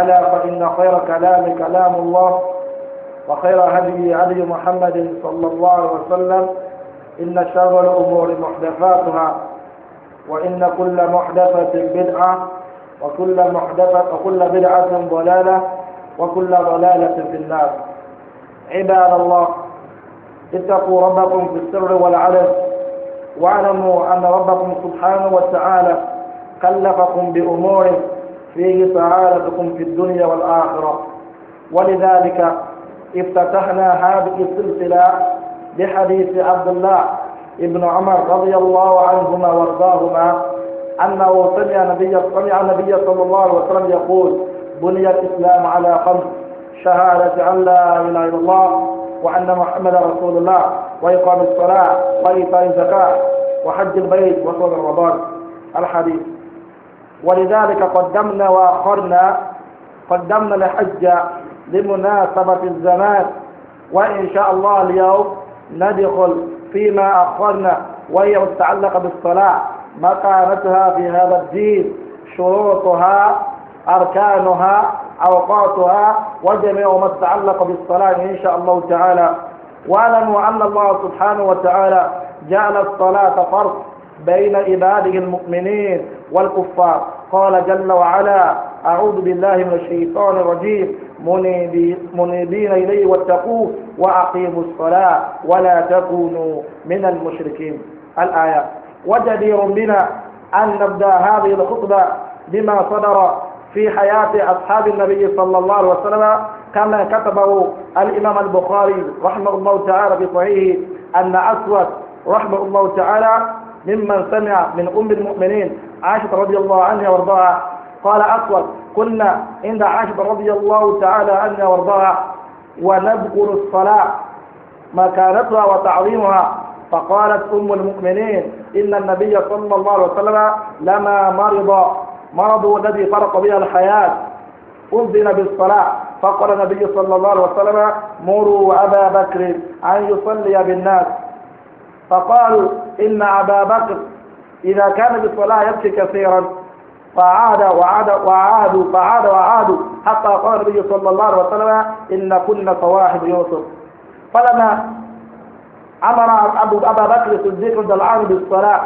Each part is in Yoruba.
ألا فإن خير كلام كلام الله وخير هدي هدي محمد صلى الله عليه وسلم إن شر الأمور محدثاتها وإن كل محدثة بدعة وكل محدثة وكل بدعة ضلالة وكل ضلالة في النار عباد الله اتقوا ربكم في السر والعلن واعلموا أن ربكم سبحانه وتعالى كلفكم بأمور فيه سعادتكم في الدنيا والآخرة ولذلك افتتحنا هذه السلسلة بحديث عبد الله ابن عمر رضي الله عنهما وارضاهما أنه سمع نبي سمع النبي صلى الله عليه وسلم يقول بني الإسلام على خمس شهادة أن لا إله إلا الله وأن محمد رسول الله وإقام الصلاة وإيتاء الزكاة وحج البيت وصوم رمضان الحديث ولذلك قدمنا وأخرنا قدمنا الحج لمناسبة الزمان وإن شاء الله اليوم ندخل فيما أخرنا وهي متعلقة بالصلاة مكانتها في هذا الدين شروطها أركانها أوقاتها وجميع ما تعلق بالصلاة إن شاء الله تعالى واعلموا أن الله سبحانه وتعالى جعل الصلاة فرض بين عباده المؤمنين والكفار قال جل وعلا أعوذ بالله من الشيطان الرجيم منيبين إليه واتقوه وأقيموا الصلاة ولا تكونوا من المشركين الآية وجدير بنا أن نبدأ هذه الخطبة بما صدر في حياة أصحاب النبي صلى الله عليه وسلم كما كتبه الإمام البخاري رحمه الله تعالى في صحيحه أن أسود رحمه الله تعالى ممن سمع من أم المؤمنين عائشة رضي الله عنها وارضاها قال اصلا كنا عند عائشة رضي الله تعالى عنها وارضاها ونذكر الصلاة مكانتها وتعظيمها فقالت أم المؤمنين إن النبي صلى الله عليه وسلم لما مرض مرضه الذي فرق بها الحياة أذن بالصلاة فقال النبي صلى الله عليه وسلم مروا أبا بكر أن يصلي بالناس فقالوا إن أبا بكر إذا كان بالصلاة يبكي كثيرا فعاد وعاد وعادوا فعاد وعادوا حتى قال النبي صلى الله عليه وسلم إن كنا صواحب يوسف فلما أمر أبو أبا بكر الصديق عنه بالصلاة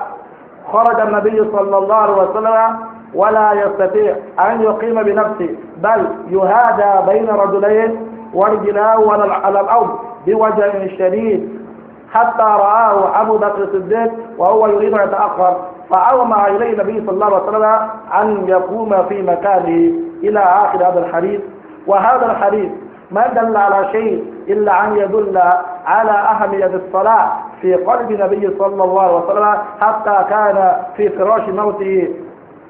خرج النبي صلى الله عليه وسلم ولا يستطيع أن يقيم بنفسه بل يهادى بين رجلين ورجلاه على الأرض بوجه شديد حتى رآه أبو بكر الصديق وهو يريد أن يتأخر فأومع إليه النبي صلى الله عليه وسلم أن يقوم في مكانه إلى آخر هذا الحديث وهذا الحديث ما دل على شيء إلا أن يدل على أهمية الصلاة في قلب النبي صلى الله عليه وسلم حتى كان في فراش موته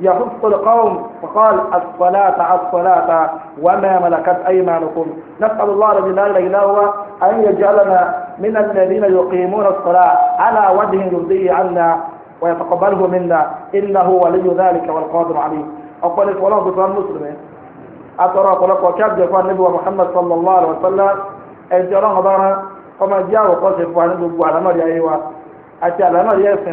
يخص القوم فقال الصلاة الصلاة وما ملكت أيمانكم نسأل الله الذي لا هو أن يجعلنا من الذين يقيمون الصلاة على وجه يرضيه عنا ويتقبله منا إنه ولي ذلك والقادر عليه أقول لك والله بطلان مسلم أترى قلق وكاب جفان نبوة محمد صلى الله عليه وسلم أنت الله ضارا فما جاء وقصف وعنده على نار أيوة أتى على نار يسن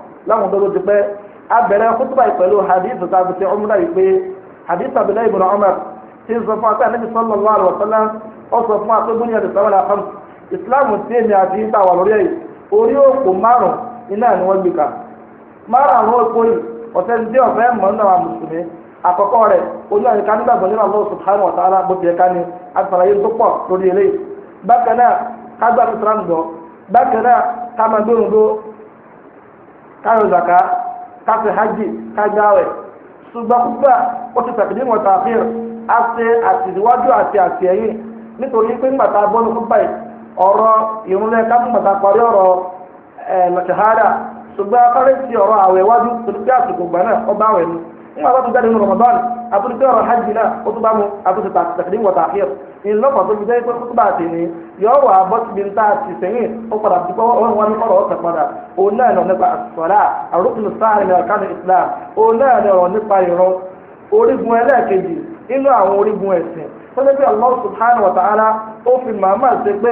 láwọn ọdọ́ ló ti pẹ́ a kútùbà yìí pẹ̀lú hadith tàbí ti ọmúdà yìí pé hadith Abdullahi ibn Umar ti sọ fún akẹ́ níbi sallallahu alaihi wasallam ó sọ fún a bóni ẹ̀dẹ̀ sáwọn àfọ̀n ìsìláàmù tí èmi àti ìta wà lórí orí òkú márùn iná ni wọ́n márùn àwọn òkú yìí ọ̀fẹ́ ti náà ká gbàgbé káyọ̀ zaka káṣe Haji, kájáwẹ̀ ṣùgbọ́n púpà ó ti tàbí mọ̀ tààfin àti àtìwájú àti àtìẹ̀yìn nítorí pé ńgbà tá a bọ́nu púpà yìí ọ̀rọ̀ ìrúnlẹ̀ kápẹ́ńgbàtà parí ọ̀rọ̀ ẹ̀ẹ́dẹ̀hádà ṣùgbọ́n akọ́rẹ́ ti ọ̀rọ̀ àwẹ̀ iwájú torípé àsìkò gbà náà ọba àwẹ̀ ni ńgbà tó ti jáde nínú Ramadan àtúntò ọ̀rọ̀ hajj náà ó tún bá mu àtúntò tàbí wọ̀ tààfin ìlọ́pàá tó fi jẹ́ pé kútùbà àti ni yọ wà bọ́ síbi àti sẹ́yìn ó padà sí pé wọ́n wá ní ọ̀rọ̀ ọ̀sẹ̀ padà òun náà lọ nípa àrùkùn sáàrin ní Islam òun náà lọ nípa ìran orígun ẹlẹ́ẹ̀kejì nínú àwọn orígun ẹ̀sìn tọ́jú bí Allah subhanahu wa ta'ala ó fi màmá ṣe pé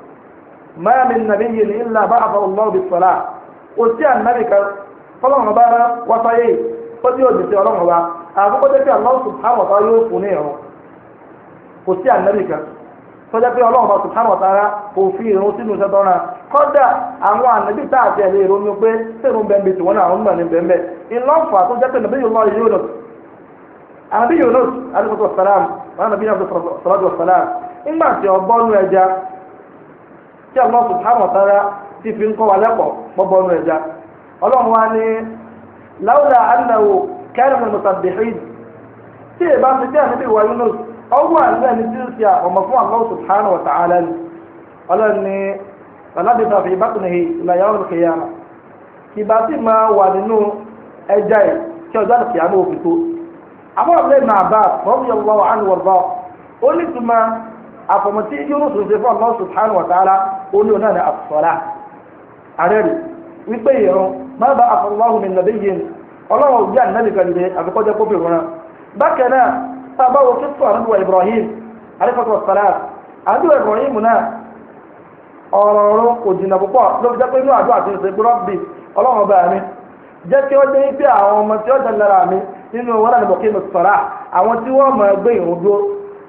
ما من نبي إلا بعثه الله بالصلاة òsì ànábì kan fọlọ́run ọba rán wáfáyé ó tí yóò dìtẹ̀ ọlọ́run ọba àkókò jẹ́ pé Allah subhanahu wa ta'ala yóò fún ní ìrún kò sí ànábì kan tọ́jà fi ìrún sínú iṣẹ́ tọ́ra kọ́dà àwọn ànábì tá àti tí Allah subhanahu wa ti fi ń kọ́ wa lẹ́kọ̀ọ́ gbọ́gbọ́ ọ̀nà ẹ̀já ọlọ́run wa ní láwùlà anáwó kẹrin mùsàbíhìn tí èèbá ti dé àníbí ìwà Yunus ọwọ́ àlẹ́ tí ń fún ni ọlọ́run ní bàlábí bá fi bákan ní ìlàyà ọ̀rọ̀ máa wà nínú ẹja ẹ̀ kí ọjọ́ àti àfọ̀mọ̀tí yunus ṣe fún Allah subhanahu wa olú náà ní àfọ̀lá àrẹ́rì wípé ìrún má bá àfọ̀lọ́hùn mi nàbí yìí ọlọ́run òbí ànábì kan lè kó bèrè wọn. bákan a bá wo kíkọ́ àdúgbò ibrahim àríkọ́tọ̀ sàlá àdúgbò ibrahim náà ọ̀rọ̀ ọ̀rọ̀ kò jìnnà púpọ̀ ló fi jẹ́ pé inú mi jẹ́ kí àwọn ọmọ tí ó jẹ́ lára mi nínú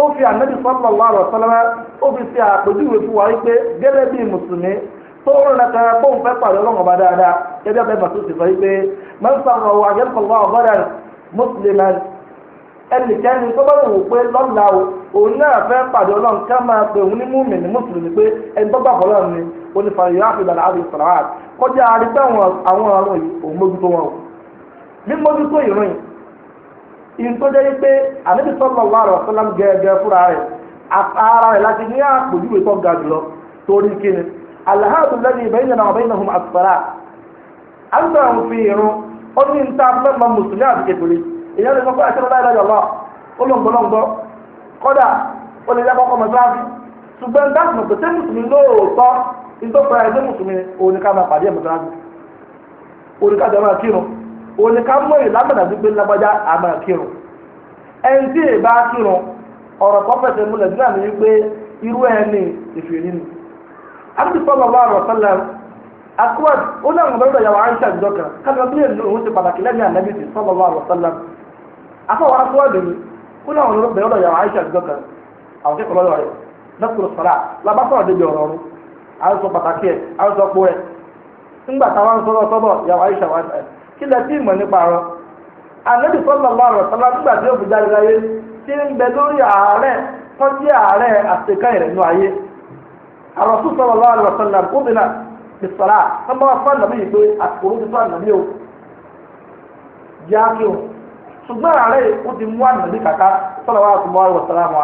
ó fi ànábì sallallahu alaihi wasallam ó fi ṣe àpèjúwe fún wa wípé gẹ́lẹ́ bíi mùsùlùmí tó ń rìn kan kó ń fẹ́ pàdé ọlọ́run ọba dáadáa ẹgbẹ́ bẹ́ẹ̀ màtó ti sọ wípé mẹ́sàn-án ọ̀wọ́ àjẹsọ̀lọ́ ọ̀gọ́dà mùsùlùmí ẹnìkẹ́ni tó bá wù pé lọ́la o òun náà fẹ́ pàdé ọlọ́run ká máa pe òun ní múmi ní mùsùlùmí pé ẹni tó gbàgbọ́ lọ́run ni onífàyọ̀ àfihàn àbí sàrààt kọjá arígbẹ́ àwọn àrùn yìí òun mójútó wọn o mímójútó ìrìn ìtọ́jẹ́ yìí pé ànábì sallallahu alaihi wasallam gẹ́gẹ́ fúnra rẹ̀ ara rẹ̀ láti ní àpòjúwe tó ga jùlọ torí kíni alahadu lẹ́yìn baynana wa baynahum àtúfàrà àtúntà ń fi irun ó ní níta mẹ́fà mùsùlùmí àti kékeré ìyá rẹ̀ sọ́kọ́ ẹ̀ṣẹ́ lọ́dá ìdájọ́ lọ olóńgbòlóńgbò kódà ó lè yàgbọ́ kọ́mọ sáfì ṣùgbọ́n dáàbò òní ká mú èyí lágbàdà a pé lágbàdà àmà kírun ẹni tí èyí bá kírun ọ̀rọ̀ tó fẹsẹ̀ múlẹ̀ nígbà mi wípé irú ẹni ìfìrí ni. àti sọ́lọ́ bá rọ̀ sọ́lá akwad ó náà mọ̀ ìjọ kan kájọ bí èyí na ti pàtàkì lẹ́yìn ànábì sí sọ́lọ́ bá rọ̀ sọ́lá ó náà mọ̀ ìjọ kan àwọn kí lẹ tí ìmọ̀ nípa rọ ànábì sallallahu alaihi wasallam nígbà tí ó fi jáde láyé tí ń bẹ lórí ààrẹ wọ́n jẹ́ ààrẹ àṣekán ìrìnà ayé àròsùn sallallahu alaihi wasallam gómìnà ìsọ̀rà wọ́n bá wà fún ànàbí yìí pé àsìkò ló ti fún ànàbí o yá kí o ṣùgbọ́n ààrẹ ó ti mú ànàbí kàkà sallallahu alaihi wasallam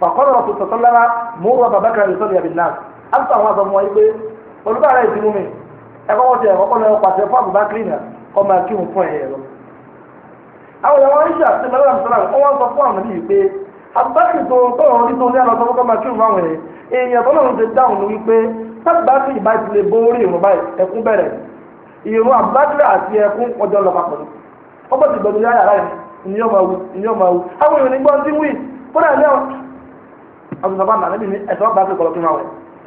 fàkọ́rọ̀ ọ̀sùn sọ̀tọ́lára mú rọ̀ bàbá kan ìsọ̀rọ̀ yàbí ẹ̀kọ́kọ́ ti ẹ̀kọ́kọ́ lọ pàṣẹ fún Abubakar náà kọ́ máa kí òun fún ẹ̀yẹ lọ. àwọn ìyàwó aisha ti lọ́wọ́ àmì wọ́n sọ fún àwọn ìlú pé Abubakar tó tọ̀rọ̀ ní tó ní àná sọ fún máa kí òun fún àwọn ẹ̀yẹ èèyàn tó lọ́run ti dáhùn ní wípé tábàbí ìbá ti lè borí ìrùn báyìí ẹkún bẹ̀rẹ̀ ìrùn Abubakar àti ẹkún ọjọ́ lọ papọ̀ ni ọgbọ́n ti gbọdọ̀ yára rẹ̀ ni yóò máa wù ni yóò máa wù àwọn ìrìn gbọ́n ti wí kódà ní àwọn ọ̀sán bá nàá níbi ẹ̀sán bá ti kọ̀ọ̀kí máa wẹ̀.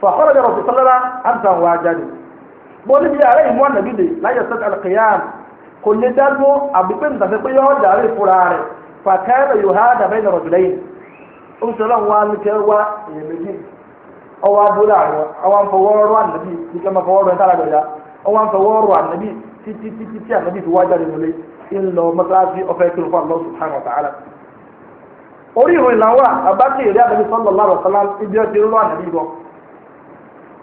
fàkọ́rọ̀ jẹ́ rọ̀bì sọ́lára àǹtà wà jáde bó níbi ààrẹ ìmú ànàbí lè láyé sọ́tà alkiyam kò lè dánú àbípé nìtàfẹ́ pé yọ́ dàrí fúra rẹ̀ fàkẹ́rẹ̀ yóò há dàbẹ́ nà rọ̀bì lẹ́yìn ó ń sọ lọ́wọ́ wa ní kẹ́ wá èèmẹ́jì ọwọ́ abúlé àwọn àwọn afọwọ́rọ̀ ànàbí ní kẹ́ máa fọwọ́rọ̀ ẹ̀ tààrà gbẹ̀dá ọwọ́ afọwọ́rọ̀ ànàbí títí títí tí ànàbí fi wá jáde nílé ń lọ mọ́sáàsì ọ̀fẹ́ kí ló fà lọ́sùn hàn ọ̀tà àlà orí ìròyìn làwọn àbákẹ́ ìrẹ́ ànàbí sọ́lọ́ lárọ̀ sọ́lá ibi ọ̀sẹ̀ ìrọ̀lọ́ ànàbí gan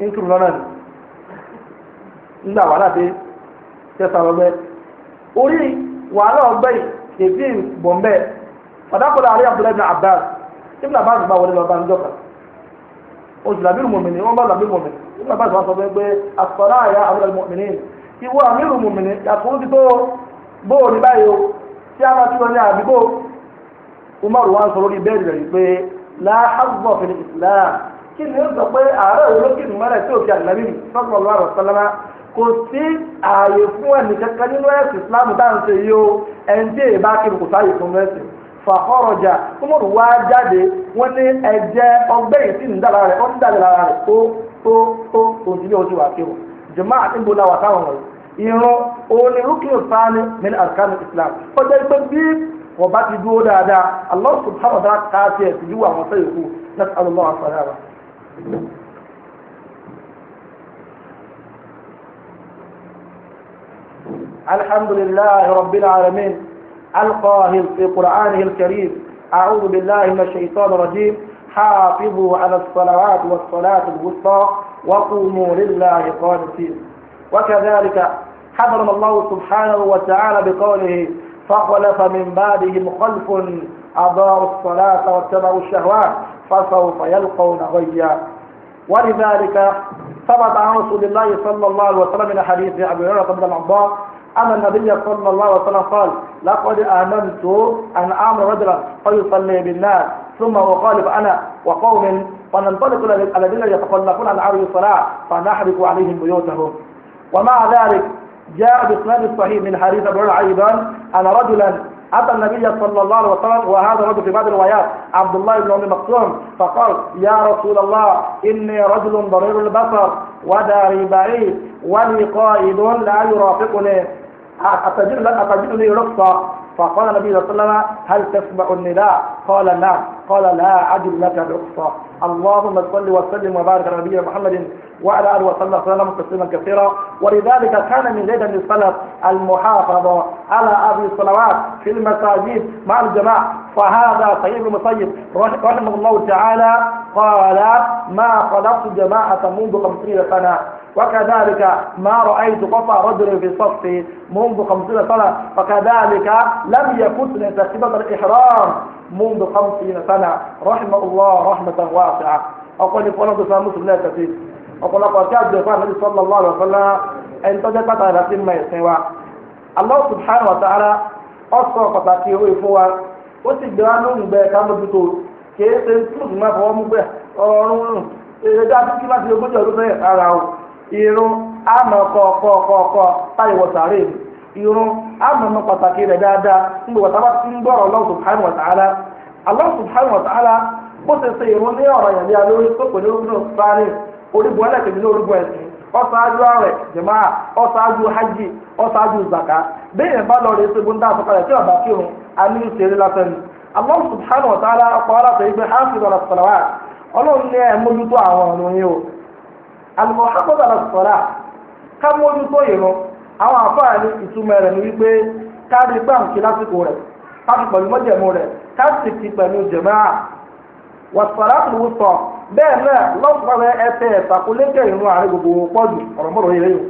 ń na lọ́nà ni nígbà wàhálà dé tẹ̀sán ori orí wàhálà ọgbẹ́ yìí fada bọ̀m̀bẹ́ ọ̀dàkùnrin àárẹ̀ bin Abbas ibn Abbas bá wọlé lọ́ba níjọ́ kan oṣù làbí mọ̀mìnì wọ́n bá làbí mọ̀mìnì ibn Abbas wọ́n sọ fún ẹgbẹ́ asọ̀rọ̀ àyà àwọn mọ̀mìnì ìwọ àmírù mọ̀mìnì yàtọ̀ ti tó bóò ní báyìí o tí a bá tí wọn ní àdúgbò umaru wa kí ni ó sọ pé àárọ̀ ìlú kí ni mọ́lẹ̀ tí òfin ànábì sallallahu alaihi wasallam kò sí ààyè fún ẹnì kankan nínú ẹ̀sìn islamu dáhùnsẹ̀ yìí o ẹni tí èyí bá kiri kò sáàyè fún ẹ̀sìn fàkọ́rọ̀jà kúmọ̀rù wá jáde wọ́n ní ẹ̀jẹ̀ ọgbẹ́ yìí sì ń dàlára rẹ̀ ó ń dàlára rẹ̀ tó tó tó òjì bí oṣù wà kéwò jùmọ́ àti ń bo náà wà táwọn wọ̀nyí irun òun ni rúkìlù sáni ní arkanu islam ó jẹ́ pé bí wọ́n bá ti dúró dáadáa Allah subhanahu wa ta'ala káàkiri ẹ̀sìn yíwọ́ àwọn sẹ́yìn kú náà الحمد لله رب العالمين القاهر في قرآنه الكريم أعوذ بالله من الشيطان الرجيم حافظوا على الصلوات والصلاة الوسطى وقوموا لله قانتين وكذلك حضرنا الله سبحانه وتعالى بقوله فخلف من بعدهم خلف أضاعوا الصلاة واتبعوا الشهوات فسوف يلقون غيا ولذلك ثبت عن رسول الله صلى الله عليه وسلم من حديث ابي هريره بن العباس أن النبي صلى الله عليه وسلم قال لقد آمنت أن أعمل رجلا فيصلي بالناس ثم أخالف أنا وقوم فننطلق الذين يتخلفون عن عرض الصلاة فنحرق عليهم بيوتهم ومع ذلك جاء بإسناد الصحيح من حديث أبي أيضا أن رجلا أتى النبي صلى الله عليه وسلم وهذا الرجل في بعض الروايات عبد الله بن أم مكتوم فقال يا رسول الله إني رجل ضرير البصر وداري بعيد ولي قائد لا يرافقني أتجد لي رخصة فقال النبي صلى الله عليه وسلم هل تسمع النداء قال نعم قال لا عدل لك بالاقصى اللهم صل وسلم وبارك على نبينا محمد وعلى اله وصحبه وسلم تسليما كثيرا ولذلك كان من زيد السلف المحافظه على هذه الصلوات في المساجد مع الجماعه فهذا سعيد المسيب رحمه الله تعالى قال ما خلقت جماعه منذ خمسين سنه وكذلك ما رأيت قطع رجل في صف منذ خمسين سنة وكذلك لم يكن تكبيرة الإحرام منذ خمسين سنة رحمه الله رحمة واسعة أقول لك ولد سامس بن كثير أقول لك وكاد النبي صلى الله عليه وسلم أن تجد على ما يسوى الله سبحانه وتعالى أصلا pàtàkì owó ìfowó ó sì gbé wánú ìgbẹ́ kámojútó o irun àmọ́ kọ̀ọ̀kọ̀ọ̀kọ̀ irun àmọ̀nà pàtàkì rẹ̀ dáadáa nígbà wata bá ti ń gbọ́rọ̀ Allah subhanahu wa ta'ala Allah subhanahu wa ta'ala bó ṣe ṣe irun ní ọ̀rọ̀ yẹn ní alórí tó pè ní orúkọ sáré orígun ẹlẹ́kẹ̀mí ní orúkọ ẹ̀sìn ọ̀ṣáájú hajj zaka yẹn bá lọ ṣe tí kírun a ìṣeré lásán ni Allah subhanahu wa ta'ala ọ̀pọ̀ aláṣẹ ìgbẹ́ hafiz alasọ̀lá ọlọ́run ní ẹ̀ mójútó àwọn àfáà ní ìtumọ̀ rẹ̀ ní wípé káàdì báǹkì lásìkò rẹ̀ káàdì pẹ̀lú mọ́jẹ̀mú rẹ̀ káàdì ti pẹ̀lú jẹ̀máà wàsàrà àtúwò sọ bẹ́ẹ̀ náà lọ́sọ̀rọ̀ ẹsẹ̀ ẹ̀sàkúlẹ́kẹ̀ ìrún àárín gbogbo pọ̀jù ọ̀rọ̀mọ̀rọ̀ yẹn yìí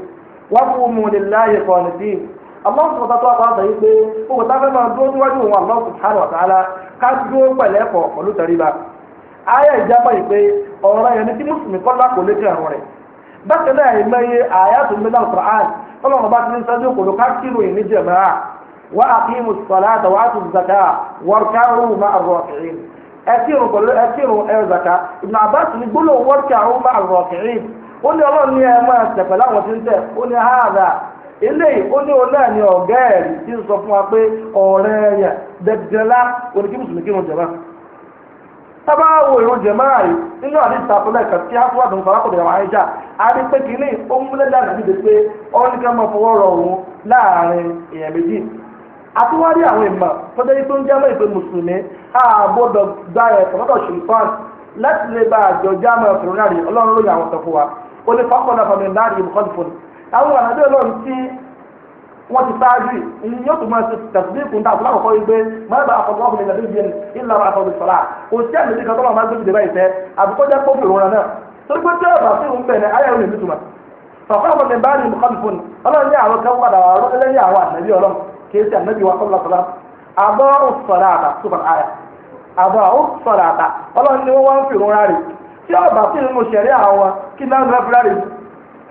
wọ́n fún mu bákan náà yìí máa yẹ àyàtò mílíọ̀nù Qur'an ọlọ́run ọba ti ní sọ́jú kòló ká ìní a. wà á kí mu sọ̀lá àtàwà àti zaka wọ́rká rúù máa rọ̀ kìrín ẹkírun pẹ̀lú ẹkírun zaka Ibn Abbas ní gbólóhùn wọ́rká rúù máa rọ̀ kìrín ó ní ọlọ́run ní ẹ máa pẹ̀lú àwọn tí ń tẹ̀ ó ní háàdà ọ̀gá ẹ̀rí ń sọ sábà wo ìrún jẹ̀mọ́ àyè nínú àdìsá fúnlẹ̀ kan tí a fún àdùn fún arákùnrin àwọn àyíjà a rí pé kínní ó ń múlẹ̀ dáná níbi pé ó ní ká máa fọwọ́ rọ òun láàrin èèyàn méjì àtúwárí àwọn ìmọ̀ tó dé tó ń jẹ́ mọ́ ìpè mùsùlùmí àbọ̀dọ̀ gba ẹ̀sán lọ́dọ̀ ṣùgbọ́n láti lè bá àjọ jámọ̀ ọ̀sùn rárẹ̀ ọlọ́run lóye àwọn sọ fún wa ó ní fọ́kànlá fọmọ ìdáàrí ìbùkọ́ wọ́n ti sáájú ìyẹn yóò tún máa ṣe tẹ̀síbí kùn dà fúlàkọ̀ kọ́ igbe mọ́lẹ́bà àfọ̀dọ́ ọkùnrin nàbí bíi ìlà àfọ̀dọ́ sọ̀rọ̀ kò sí àmì ìdíkan tó máa gbé ìdè báyìí fẹ́ àbíkọ́ jẹ́ kó bìrù wọn náà torí pé tí ọ̀bà sí òun bẹ̀rẹ̀ ayé òun ìlútùmọ̀ fàfẹ́ ọmọ mi bá ní nǹkan fún ọlọ́run ní àwọn kan padà wà lọ́lẹ́ ní àwọn ànábì ọlọ́run kìí ṣe ànábì wa sọ́lá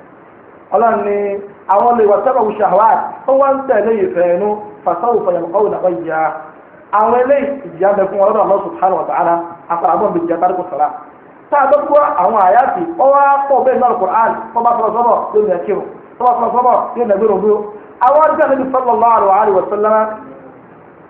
sọ́lá àbọ̀ àwọn lè wà sábà wù ṣàwáà ó wá ń tẹ̀lé ìfẹ́ inú fasáwù fàyàmùkọ́ òdà bá yà á àwọn eléyìí ìjìyà bẹ fún ọlọ́dọ̀ Allah subhanahu wa ta'ala àfàràbọ̀ bẹ jìyà tárìkù sàrà tá a dọ́kú àwọn àyàtì ó wá pọ̀ bẹ́ẹ̀ náà Qur'an tó bá fọlọ́ sọ́bọ̀ yóò nà kírun tó bá fọlọ́ sọ́bọ̀ yóò nà gbèrò gbó àwọn arúgbó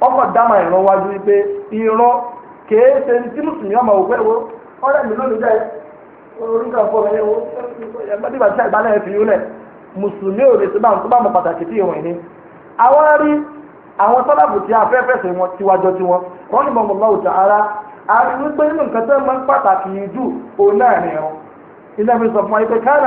ọkọ̀ dáma ìran wájú wípé irọ́ kèé ṣe tí mùsùlùmí ọmọ òpẹ́ wo ọ̀rẹ́ mi ló lè jẹ́ oríkà fún ọmọ yẹn wo ẹgbẹ́ bàtí àgbálẹ̀ ẹ̀ fi yín lẹ̀ mùsùlùmí ò lè ṣe báwọn tó bá mọ pàtàkì tí ìwọ̀n ní. àwọn rí àwọn sọ́lábù tí afẹ́fẹ́ sè wọn tiwájọ́ tí wọn wọ́n ní bọ̀mọ̀ lọ́wọ́ tí ara a rí wípé nínú nǹkan tó máa ń pàtàkì yìí jù òun náà ni ẹ̀rọ ilé mi sọ fún wa yìí pé káàdì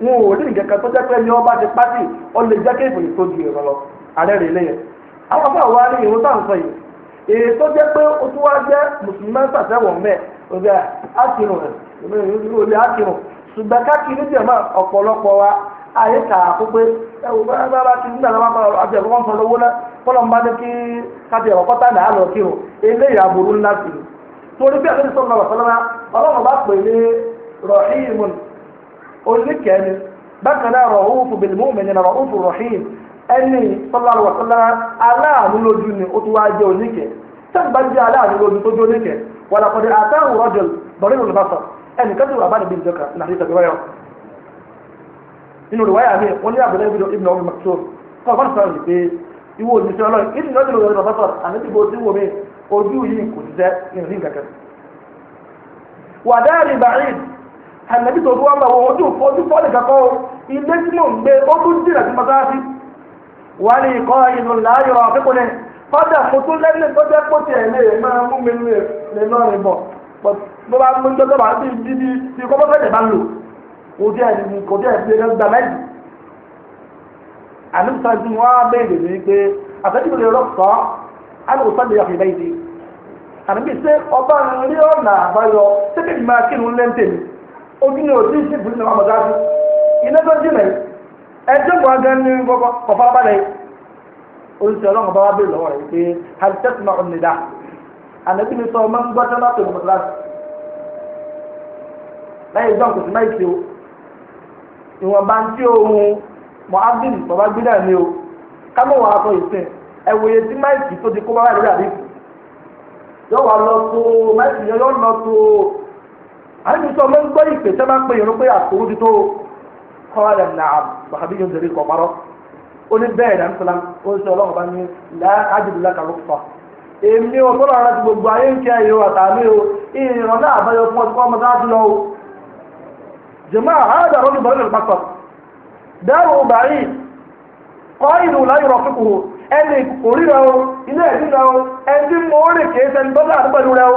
wọn ò rí nǹkan kan tó jẹ́ pé ọba ti pátì ó lè jẹ́ kéèfù ní tó ju ìrọ̀ lọ ààrẹ rè lẹ́yìn àwọn afọ àwọn arí ìrún táwọn yìí èyí tó jẹ́ pé ó tún wá jẹ́ mùsùlùmí sàtẹ́wọ̀n mẹ́ ọ̀gá ákìrùn olè ákìrùn ṣùgbọ́n káàkiri jẹ̀mọ́ ọ̀pọ̀lọpọ̀ wa ayé kà á pípé bá bá ti ń oníkẹ́ni bákan náà rọ̀húfù bìlmùmìnì náà rọ̀húfù rọ̀hìm ẹni sallallahu alaihi wasallam aláàánú lójú ni ó tún wá jẹ́ oníkẹ́ sábà jẹ́ aláàánú lójú tó jẹ́ oníkẹ́ wàlàkọ̀dé àtàwọn rọ́jòl bọ̀rẹ́ olùbásọ̀ ẹnì kan tó wà báni bíi jọkà nàrí ìtàgé wáyọ̀ nínú ìwáyà mi wọ́n ní àbúrò ìbí ibùdó ọmọ mọ̀tò kọ́ ọ̀gbọ́n sọ̀rọ̀ ní pé ìwọ òṣìṣẹ́ ọlọ́run ìdí ànàbí tó wá bá wọn ojú ojú fọ́ọ̀lì kankan o ilé tí mò ń gbé ó tún jìnà sí mọ́sáàsì wà ní ìkọ́ ìlú láàyò àfikún ni fọ́dà mo tún lẹ́nu tó jẹ́ pọ̀ tiẹ̀ lè máa mú mi lè lọ rìn bọ̀ bó bá mú jọ́jọ́ bá ti di di ti kọ́ bọ́sẹ̀ lè bá lò kò díẹ̀ ní kò díẹ̀ mẹ́jì. á ní pé àfẹ́jú lè ojú ni sí ìbùdó náà mọ̀tá sí iná tó jìnà yìí ẹjọ́ bọ̀ gan ní gbogbo kọ̀fà balẹ̀ oṣù ọlọ́run bá wá bèèrè lọ́wọ́ rẹ̀ pé halitẹ́tì náà ń nìdá ànábì ni sọ ọmọ ń gbọ́ sọ́nà tó mọ̀tá sí lẹ́yìn ìgbà kò sí máa ṣe o ìwọ̀nba ń tí ohun mohabdin bàbá gbé ni o kámọ̀ wà á sọ ìsìn ẹ̀wòye tí máìkì tó ti kó bá wà nígbà rí yọ wà lọ tó máìkì yọ lọ tó ha sọ ló ń gbọ́ ìpè tẹ́ máa ń pè yẹn ló pé àtòwò ti tó kọ́ọ̀lẹ̀ náà bàbí yóò dèrè kọ̀ ó ní bẹ́ẹ̀ náà nítorí ó ń sọ ọlọ́run bá ní láàjìdìlá kàló fà èmi ò gbogbo ayé ń kí ayé o àtàmì o náà àbáyọ fún ọtí ti lọ o jẹ̀mọ́ kọ́ ìlú láyé fún kùhù ẹni kò ríra o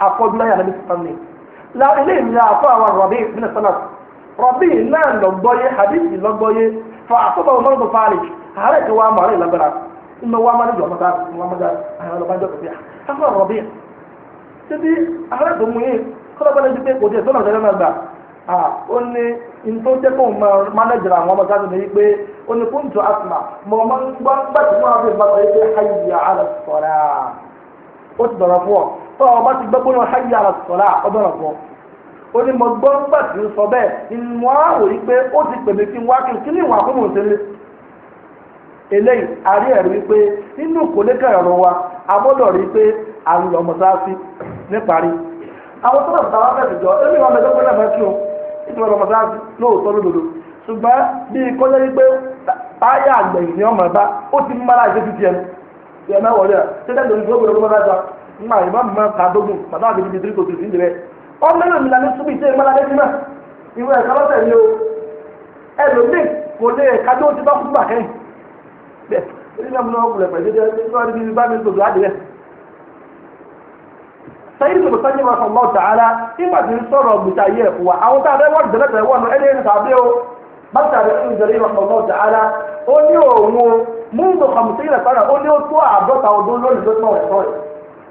afọ́júláyà nàbí sàmì la eléyìí ni àfọ àwọn rọ̀bì ìpínlẹ̀ sọ́nà rọ̀bì náà lọ́gbọ́yé hadithi lọ́gbọ́yé fa àfọ́bà wọn mọ́tò fáàlì àárẹ̀ tí wàá màárẹ̀ lágbára nínú wàá máa níjọ ọmọdé ọmọdé àwọn ọlọ́gbàjọ kò sí à afọ́ rọ̀bì títí àárẹ̀ tó mú yín kọ́lọ́gbọ́n ní pípé kò dé sọ́nà ọ̀dẹ́rẹ́ náà gbà à ó ní ntó jẹ́ kó mánéjà àwọn ọmọ sáà nìyí pé ó ní kó ń tó asma mọ̀ máa ń gbọ́ gbàtí wọ́n á fi bàtà yìí pé hayya ala sọ̀rọ̀ ó ti dọ̀rọ̀ fún tó bá ti gbọ́ pé wọ́n háyà rà sọ̀rọ̀ ọbẹ̀rẹ̀ fún ọ ní mo gbọ́ nígbà tí sọ bẹ́ẹ̀ ni wọ́n á wò pé ó ti pèmí kí n wá kí n kí ní ìwà fún mòun ṣeré eléyìí àárẹ̀ ẹ̀rí wípé nínú kòlékẹ̀rọ̀ wa a gbọ́dọ̀ rí pé àwọn o ọmọ lóòótọ́ lódodo ṣùgbọ́n bí wípé táyà àgbẹ̀yìn ni ọmọ bá ó ti ń bára ìṣe ŋmà ìmọ̀ mọ̀ kàdógún bàbá àgbèjì bìtìrì kò tìrì níbẹ̀ ọmọ náà mi lànà súnmí o ẹlòmíì kò lè kájọ́ ó ti bá fún bàkẹ́yìn bẹ́ẹ̀ ẹni náà mo náà wọ̀lẹ̀ pẹ̀lú ẹni tí ti mi wa a o bàtà rẹ̀ ń jẹ́lẹ̀ wọn o múndò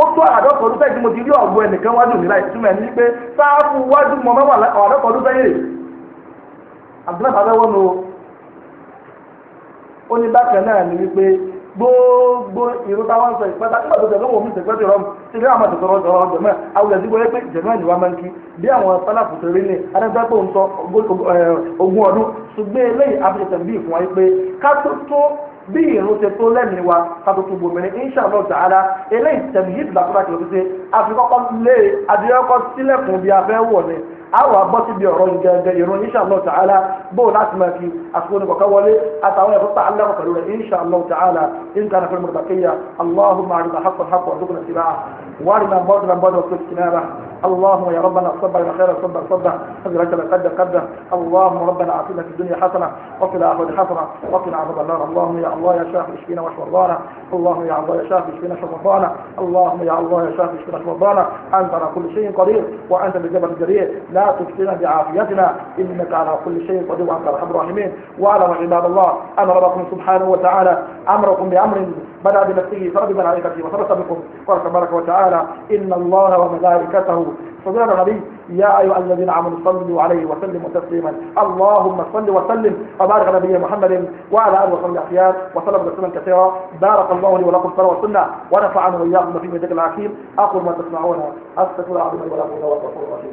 ó tó àádọ́ta ọdún sẹ́yìn tí mo ti rí ọ̀gbọ́n ẹnìkan wájú mi láì túmọ̀ ẹni pé sáfù wájú mọ mẹ́wàá àádọ́ta ọdún sẹ́yìn rè àbúrò bàbá wọn o ó ní bákan náà ni wípé gbogbo ìró táwọn sọ ìpẹ́ta nígbà tó tẹ̀lé òun ìṣẹ̀gbẹ́ ti rọrùn tí ilé àwọn àtẹ̀sọ̀rọ̀ ọ̀dọ̀rọ̀ ọ̀dọ̀mọ́ àwọn ẹ̀sìn wọlé pé jẹ̀mọ́ ìlú wa máa ń kí bí àwọn sálàfù tó rí ní adájọ́ ń sọ ogún ọdún ṣùgbọ́n eléyìí àfihàn bí ìfún wa pé ká tó tó bí ìrún ṣe tó lẹ́mìí wa kátó tún gbòmìnir inshallah ta'ala eléyìí tẹ̀mí yìí ti dàkúrà kìlọ̀ fi ṣe àfikọ́kọ́ lé adìyẹ́kọ́ sílẹ̀kùn bí abẹ́ wọ̀ ni àwọn abọ́ síbi ọ̀rọ̀ yìí gẹ́gẹ́ ìrún ta'ala bó láti máa fi àsìkò ní kọ̀ọ̀kan wọlé àtàwọn ẹ̀fọ́ tá aláwọ̀ pẹ̀lú rẹ̀ inshallah ta'ala in kana fil murbaqiya allahumma arina haqqan haqqan wa dukuna tibaa wa arina baatilan baatilan اللهم يا ربنا صبر خير صبر صبر حضرتك قد قد اللهم ربنا اعطنا في الدنيا حسنه وفي الاخره حسنه وقنا عذاب النار اللهم يا الله يا شافي اشفينا واشف مرضانا اللهم يا الله يا شافي اشفينا واشف مرضانا اللهم يا الله يا شافي اشفينا واشف مرضانا انت على كل شيء قدير وانت بالجبل جرير لا تفتنا بعافيتنا إنك على كل شيء قدير وأنت أرحم الراحمين وأعلم عباد الله أن ربكم سبحانه وتعالى أمركم بأمر بدأ بنفسه فرد ملائكته وثبت بكم قال تبارك وتعالى إن الله وملائكته صدر النبي يا أيها الذين آمنوا صلوا عليه وسلموا تسليما اللهم صل وسلم وبارك على نبينا محمد وعلى آله وصحبه الأخيار وسلم تسليما كثيرا بارك الله لي ولكم في والسنة ونفعنا وإياكم في ذكر الحكيم أقول ما تسمعون أستغفر الله العظيم ولكم وأستغفر الرحيم